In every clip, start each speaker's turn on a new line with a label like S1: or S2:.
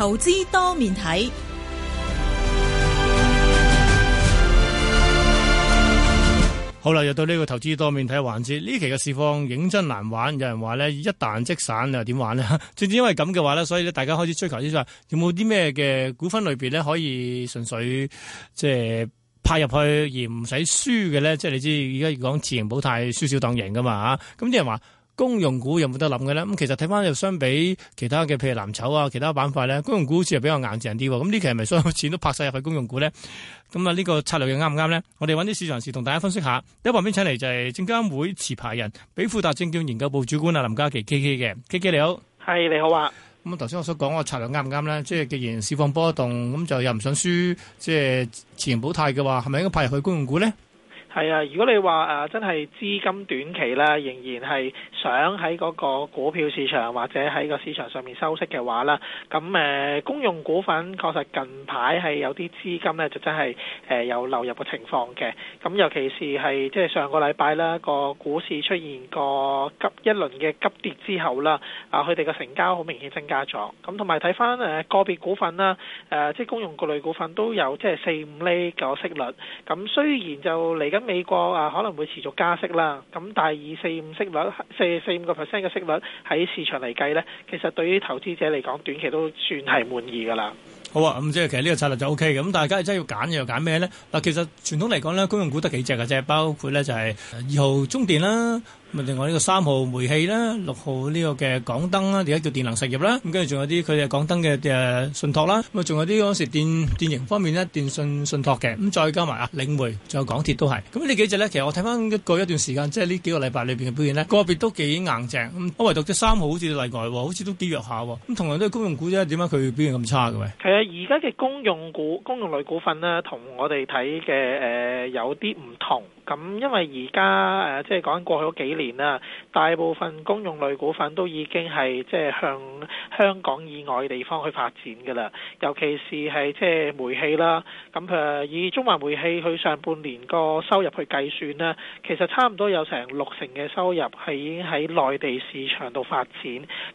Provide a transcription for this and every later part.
S1: 投資多面睇，
S2: 好啦，又到呢個投資多面睇嘅環節。呢期嘅市況認真難玩，有人話呢，一旦即散又點玩咧？正正因為咁嘅話呢，所以大家開始追求呢，下有冇啲咩嘅股份類別呢？可以純粹即係派入去而唔使輸嘅呢？即係你知而家講持盈保泰輸少當贏噶嘛？咁啲人話。公用股有冇得諗嘅咧？咁其實睇翻又相比其他嘅，譬如藍籌啊，其他板塊咧，公用股好似係比較硬淨啲。咁呢期係咪所有錢都拍晒入去公用股咧？咁啊，呢個策略又啱唔啱咧？我哋搵啲市場人士同大家分析下。一旁邊請嚟就係證監會持牌人、比富達證券研究部主管啊林嘉麒 K K 嘅 K K 你好，係你好啊。咁啊，頭先我想講個策略啱唔啱咧？即係既然市況波動，咁就又唔想輸，即係持盈保泰嘅話，係咪應該派入去公用股咧？
S1: 係啊，如果你話、啊、真係資金短期啦，仍然係想喺嗰個股票市場或者喺個市場上面收息嘅話啦，咁、呃、公用股份確實近排係有啲資金呢，就真係、呃、有流入嘅情況嘅。咁尤其是係即係上個禮拜啦，個股市出現過急一輪嘅急跌之後啦，啊佢哋嘅成交好明顯增加咗。咁同埋睇翻個別股份啦、呃，即係公用各類股份都有即係四五厘嘅息率。咁雖然就嚟緊，美國啊可能會持續加息啦，咁但係以四五息率四四五個 percent 嘅息率喺市場嚟計咧，其實對於投資者嚟講，短期都算係滿意噶啦。
S2: 好啊，咁即係其實呢個策略就 OK。咁大家真係要揀又揀咩咧？嗱，其實傳統嚟講咧，公用股得幾隻㗎啫，包括咧就係二號中電啦。咁啊，另外呢個三號煤氣啦，六號呢個嘅港燈啦，而家叫電能實業啦，咁跟住仲有啲佢哋港燈嘅誒信託啦，咁啊仲有啲嗰時電電型方面咧電信信託嘅，咁再加埋啊領匯，仲有港鐵都係，咁呢幾隻咧，其實我睇翻一個一段時間，即係呢幾個禮拜裏邊嘅表現咧，個別都幾硬淨，咁不過唯獨隻三號好似例外喎，好似都幾
S1: 弱下喎，咁
S2: 同樣都係公用股啫，點解佢表現咁差嘅？喂，
S1: 係啊，而家嘅公用股、公用類股份咧，同我哋睇嘅誒有啲唔同，咁因為而家誒即係講緊過去嗰幾年啦，大部分公用類股份都已經係即係向香港以外嘅地方去發展噶啦，尤其是係即係煤氣啦。咁佢以中華煤氣佢上半年個收入去計算啦，其實差唔多有成六成嘅收入係已經喺內地市場度發展。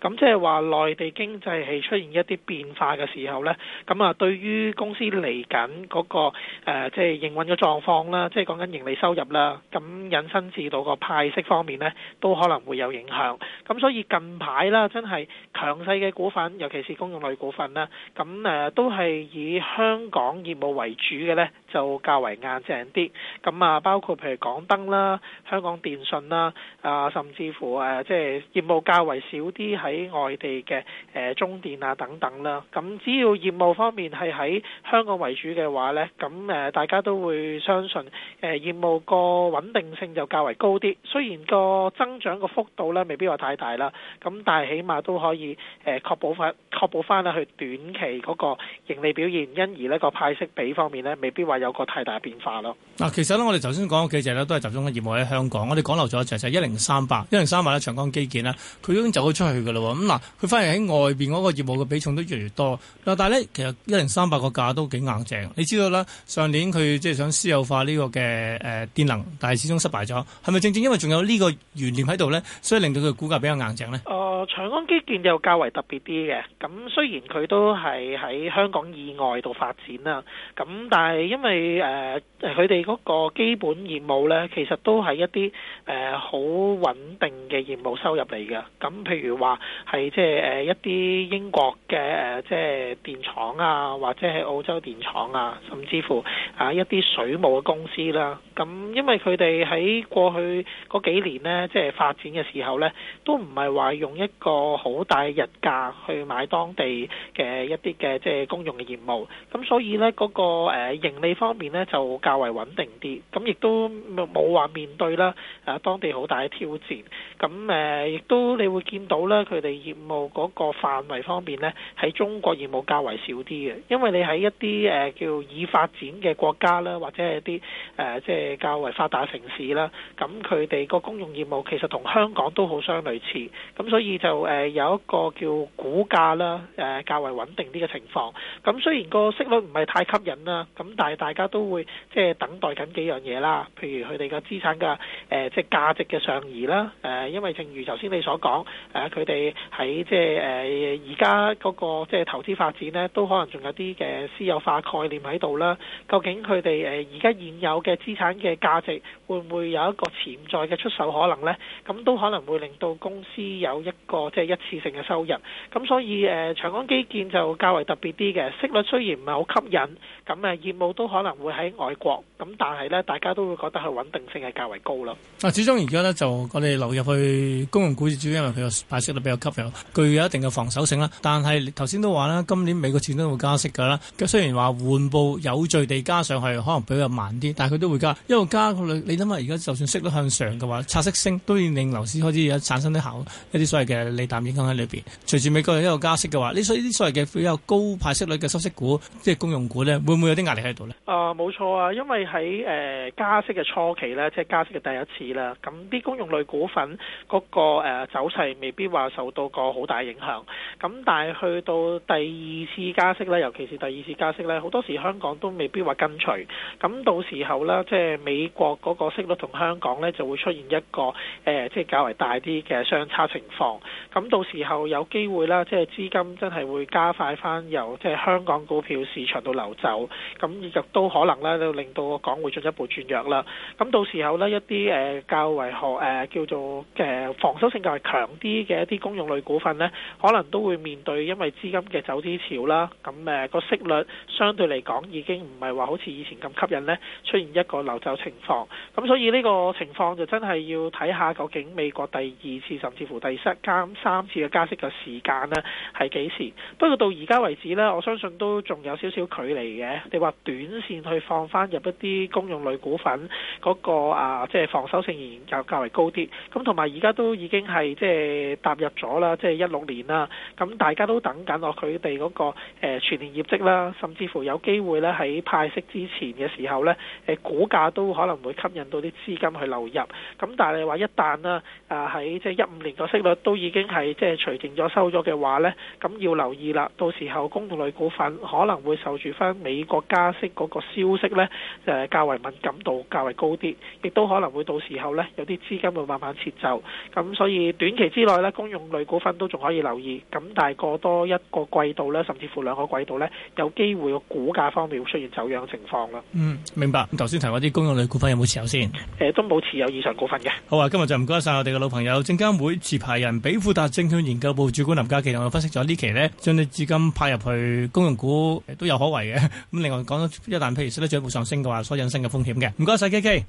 S1: 咁即係話內地經濟係出現一啲變化嘅時候呢，咁啊，對於公司嚟緊嗰個誒即係營運嘅狀況啦，即係講緊盈利收入啦，咁引申至到個派息方面。都可能會有影響，咁所以近排啦，真係強勢嘅股份，尤其是公用類股份啦，咁誒都係以香港業務為主嘅咧，就較為硬淨啲。咁啊，包括譬如港燈啦、香港電訊啦，啊，甚至乎誒即係業務較為少啲喺外地嘅，誒、啊、中電啊等等啦。咁、啊、只要業務方面係喺香港為主嘅話咧，咁、啊、誒、啊、大家都會相信誒、啊、業務個穩定性就較為高啲。雖然個增長個幅度咧未必話太大啦，咁、啊、但係起碼都可以誒確、啊、保翻確保翻去短期嗰個盈利表現，因而呢個派息比方面咧，未必話有個太大變化咯。嗱、
S2: 啊，其實我哋頭先講嘅幾隻都係集中嘅業務喺香港。我哋講漏咗一隻就係一零三八、一零三八咧，長江基建咧，佢已經走咗出去嘅咯。咁、嗯、嗱，佢反而喺外邊嗰個業務嘅比重都越嚟越多。嗱，但係咧，其實一零三八個價都幾硬淨。你知道啦，上年佢即係想私有化呢個嘅誒電能，但係始終失敗咗。係咪正正因為仲有個呢個懸念喺度咧，所以令到佢股價比較硬淨呢？誒、
S1: 呃，長江基建又較為特別啲嘅。咁雖然佢都係喺香港以外度發展啦，咁但係因為誒佢哋嗰個個基本業務咧，其實都係一啲誒好穩定嘅業務收入嚟嘅。咁譬如話係即係誒一啲英國嘅誒，即係電廠啊，或者係澳洲電廠啊，甚至乎啊一啲水務嘅公司啦。咁，因為佢哋喺過去嗰幾年呢，即係發展嘅時候呢，都唔係話用一個好大日價去買當地嘅一啲嘅即係公用嘅業務，咁所以呢，嗰個誒盈利方面呢，就較為穩定啲，咁亦都冇話面對啦，誒當地好大嘅挑戰。咁誒，亦都你會見到咧，佢哋業務嗰個範圍方面咧，喺中國業務較為少啲嘅，因為你喺一啲誒、呃、叫已發展嘅國家啦，或者係一啲誒即係較為發達城市啦，咁佢哋個公用業務其實同香港都好相類似，咁所以就誒、呃、有一個叫股價啦，誒、呃、較為穩定啲嘅情況。咁雖然個息率唔係太吸引啦，咁但係大家都會即係等待緊幾樣嘢啦，譬如佢哋嘅資產嘅、呃、即係價值嘅上移啦，呃係因為正如頭先你所講，誒佢哋喺即係誒而家嗰個即係投資發展咧，都可能仲有啲嘅私有化概念喺度啦。究竟佢哋誒而家現有嘅資產嘅價值會唔會有一個潛在嘅出售可能咧？咁都可能會令到公司有一個即係一次性嘅收入。咁所以誒長江基建就較為特別啲嘅息率，雖然唔係好吸引，咁誒業務都可能會喺外國，咁但係咧大家都會覺得佢穩定性係較為高咯。
S2: 啊，始終而家咧就我哋流入去。佢公用股主要，因為佢個派息率比較吸引，具有一定嘅防守性啦。但係頭先都話啦，今年美國始終會加息㗎啦。咁雖然話緩步、有序地加上去，可能比較慢啲，但係佢都會加。因為加個你諗下，而家就算息率向上嘅話，拆息升都要令樓市開始而產生啲效，一啲所謂嘅利淡影響喺裏邊。隨住美國又一個加息嘅話，呢所以啲所謂嘅比較高派息率嘅收息股，即係公用股咧，會唔會有啲壓力喺
S1: 度呢？啊、呃，冇錯啊，因為喺誒、呃、加息嘅初期咧，即係加息嘅第一次啦。咁啲公用類股份嗰、個誒走勢未必話受到個好大影響。咁但係去到第二次加息咧，尤其是第二次加息咧，好多時香港都未必話跟隨。咁到時候咧，即係美國嗰個息率同香港咧就會出現一個誒即係較為大啲嘅相差情況。咁到時候有機會啦，即係資金真係會加快翻由即係香港股票市場度流走。咁亦都可能咧，令到個港匯進一步轉弱啦。咁到時候咧，一啲誒較為學誒、呃、叫做誒防守性較為強啲嘅一啲公用類股份咧，可能都～會面對因為資金嘅走資潮啦，咁誒、嗰個息率相對嚟講已經唔係話好似以前咁吸引咧，出現一個流走情況。咁所以呢個情況就真係要睇下究竟美國第二次甚至乎第三三次嘅加息嘅時間咧係幾時。不過到而家為止呢，我相信都仲有少少距離嘅。你話短線去放返入一啲公用類股份嗰、嗰個啊，即係防守性仍然較較為高啲。咁同埋而家都已經係即係踏入咗啦，即係一六年啦。咁大家都等緊我佢哋嗰個誒全年業績啦，甚至乎有機會咧喺派息之前嘅時候咧，誒股價都可能會吸引到啲資金去流入。咁但係話一旦啦，喺即係一五年個息率都已經係即係除淨咗收咗嘅話咧，咁要留意啦，到時候公用類股份可能會受住翻美國加息嗰個消息咧，誒較為敏感度較為高啲，亦都可能會到時候咧有啲資金會慢慢撤走。咁所以短期之內咧，公用類股份都仲可以留意。咁咁但係過多一個季度咧，甚至乎兩個季度咧，有機會個股價方面會出現走樣嘅情況啦。嗯，
S2: 明白。咁頭先提過啲公用類股份有冇持有先？
S1: 誒、呃，都冇持有以上股份嘅。
S2: 好啊，今日就唔該晒我哋嘅老朋友，證監會持牌人比富達證券研究部主管林嘉麒。同我分析咗呢期呢，將啲資金派入去公用股都有可為嘅。咁另外講一旦譬如息率進一步上升嘅話，所引申嘅風險嘅。唔該晒 K K。